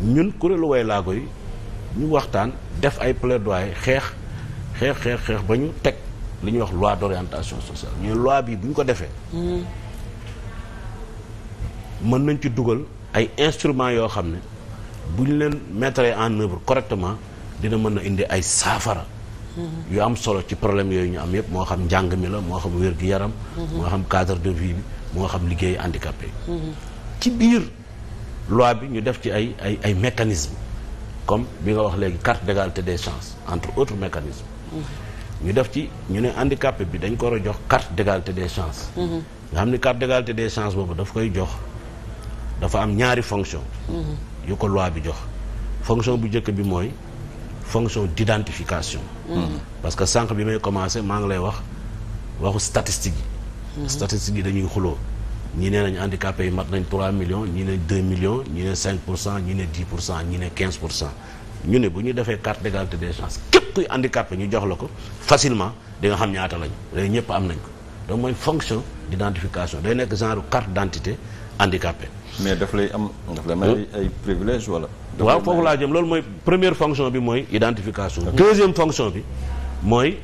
ñun kuréelu way laago yi ñu waxtaan def ay plaidoyer xeex xeex xeex xeex ba ñu teg li ñuy wax loi d'orientation sociale ñu loi bi bu ñu ko defee hmm. mën nañ ci dugal ay instruments yoo xam ne bu ñu leen mettre en œuvre correctement dina mën a indi ay saafara hmm. yu am solo ci problème yooyu ñu am yëpp moo xam njàng mi la moo xam wér gi yaram hmm. moo xam cadre de vie bi moo xam liggéey handicapé ci biir loi bi ñu def ci ay ay ay mécanismes comme bi nga wax léegi carte d'égalité des chances entre autres mécanismes mm-hmm. ñu def ci ñu ne handicapé bi dañ ko war a jox carte d'égalité des chances mm-hmm. nga xam ni carte d'égalité des chances boobu dafa koy jox dafa am ñaari fonction mm-hmm. yu ko loi bi jox fonction bu njëkk bi mooy fonction d'identification parce que sànq bi may commencer maa ngi lay wax waxu statistique yi statistique yi dañuy xuloo ñii nee nañ handicapé yi mat nañ 3 millions ñii ne 2 millions ñii ne 5 pour cent ñii ne 10 pour cent ñii ne 15 pour cent ñu ne bu ñu defee carte d'égalité des chances képp kuy handicapé ñu jox la ko facilement di nga xam ñaata lañ léegi ñëpp am nañ ko donc mooy fonction d'identification day nekk genre carte dentité handicapé. mais daf lay am daf lay may euh? ay privilèges wala. waaw foofu laa jëm loolu mooy première fonction bi mooy identification. deuxième fonction bi mooy.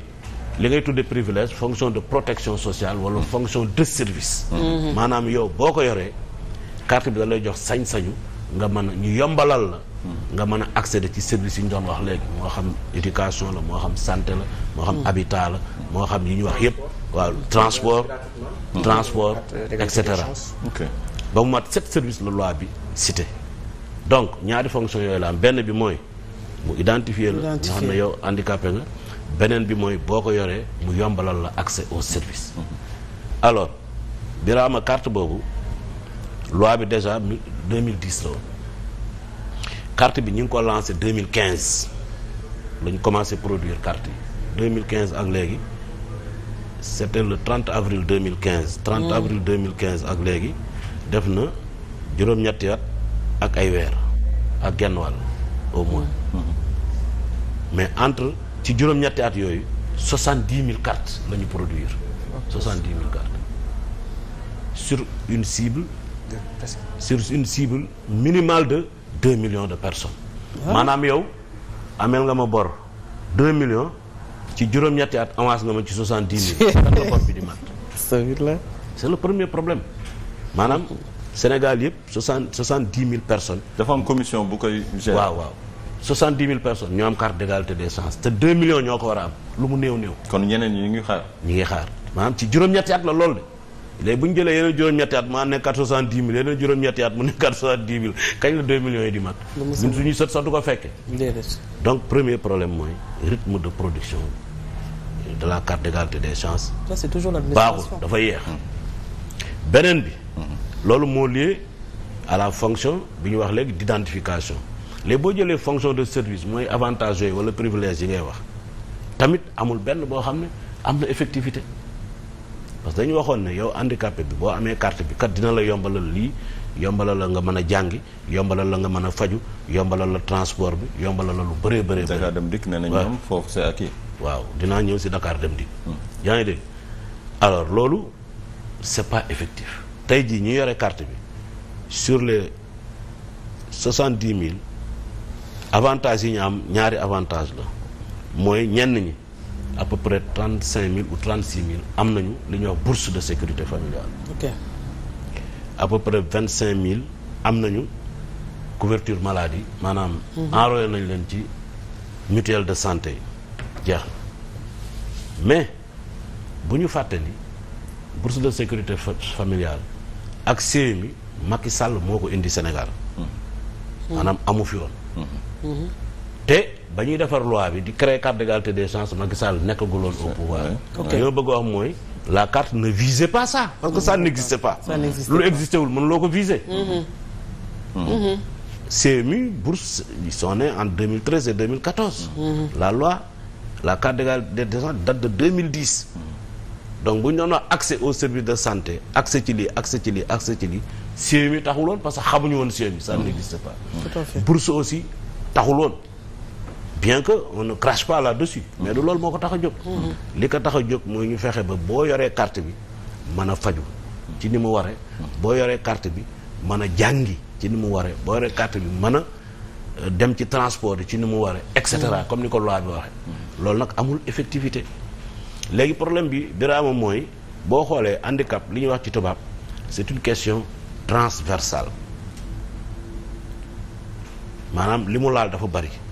li ngay tuddee privilège fonction de protection sociale wala fonction de service. Mhm. maanaam yow boo ko yoree carte bi da lay jox sañ-sañu nga mën a ñu yombalal la. Mhm. nga mën a accéder ci service yi ñu doon wax léegi moo xam éducation la moo xam santé la. moo xam mhm. habitat la moo xam yi ñu wax yépp waaw transport. transport et cetera. ba mu mat sept services la loi bi cité. donc ñaari fonction yooyu la am benn bi mooy mu identifier la. nga xam ne yow handicapé nga. beneen bi mooy boo ko yoree mu yombalal la accès au service alors a carte boobu loi bi déjà 2010 la woon carte bi ñu ngi ko lancé 2015 la ñu commencé produire carte yi 2015 ak léegi c'était le 30 avril 2015. 30 hmm. avril 2015 ak léegi def na juróom-ñetti at ak ay weer ak genn wàll au moins hmm. Hmm. mais entre. ci juróom-ñetti at yooyu soixante dix mille cartes la ñu produire soixante dix mille cartes sur une cible sur une cible minimale de deux millions de personnes ah. maanaam yow ameel nga ma bor deux millions ci juróom-ñetti at avance nga ma ci soixante dix mille kan la bor le premier problème maanaam Sénégal yëpp soixante soixante dix mille personnes dafa am commission bu koy gérer waaw waaw soixante dix mille personnes ñoo am carte d'égalité des chances te deux millions ñoo ko war a am lu mu néew néew. kon ñeneen ñu ngi xaar. ñu ngi xaar maanaam ci juróom-ñetti at la lool de léegi bu ñu jëlee yeneen juróom-ñetti at maa nekk soixante dix mille yeneen juróom-ñetti at mu nekk soixante dix mille millions yi di mat. ñun suñuy sët du ko fekkee. donc premier problème mooy rythme de production de la carte d'égalité des chances. ça c'est toujours l'administration baaxul dafa yéex. beneen bi. Mm-hmm. loolu moo lié à la fonction bi ñu wax léegi d'identification. léegi boo jëlee fonction de service mooy avantage yooyu wala privilège yi ngay wax tamit amul benn boo xam ne am na effectivité parce que dañu waxoon ne yow handicapé bi boo amee carte bi kat dina la yombalal lii yombalal la nga mën a jàngi yombalal la nga mën a faju yombalal la transport bi yombalal la lu bëree bëree. Dakar dem dikk nee na ñoom foofu c'est acquis. waaw dinaa ñëw si Dakar dem dikk. Hmm. yaa ngi dégg alors loolu c'est pas effectif. tey jii ñu yore carte bi sur les soixante-dix mille. avantages yi ñu am ñaari avantage la mooy ñenn ñi à peu près trente cinq mille ou trente six mille am nañu li ñu wax bourse de sécurité familiale. ok à peu près vingt cinq mille am nañu couverture maladie maanaam. Mhm. enrôlé nañ leen ci mutuelle de santé jeex mais bu ñu fàtte ni bourse de sécurité familiale ak CMU Macky Sall moo ko indi Sénégal. Hmm. maanaam amu fi woon. te ba ñuy defar loi bi di créer carte d'égalité des chances Macky Sall nekkaguloon au pouvoir. ok yow bëgg wax mooy. la carte ne visait pas ça. parce que ça n'existait pas. lu existé wul mën loo ko viser. Mm-hmm. Mm-hmm. Mm-hmm. CMU bourse ils sont nés en 2013 et 2014. la loi la carte d'égalité des chances date de dix donc bu ñu doon wax accès au service de santé accès ci lii accès ci lii accès ci lii CMU taxul woon parce que xamuñu woon CMU ça n'existe pas. tout à fait bien que on ne crache pas là-dessus. mais du loolu moo ko tax a jóg. Mhm. li ko tax a jóg mooy ñu fexe ba boo yoree carte bi mën a faju ci ni mu waree. boo yoree carte bi mën a jàngi ci ni mu waree boo yoree carte bi mën a. Euh, dem ci transport yi ci ni mu waree et cetera mhm. comme ni ko loi bi waxee mhm. loolu nag amul effectivité léegi problème bi Birama mooy boo xoolee handicap li ñuy wax ci tubaab c'est une question transversale maanaam li mu laal dafa bari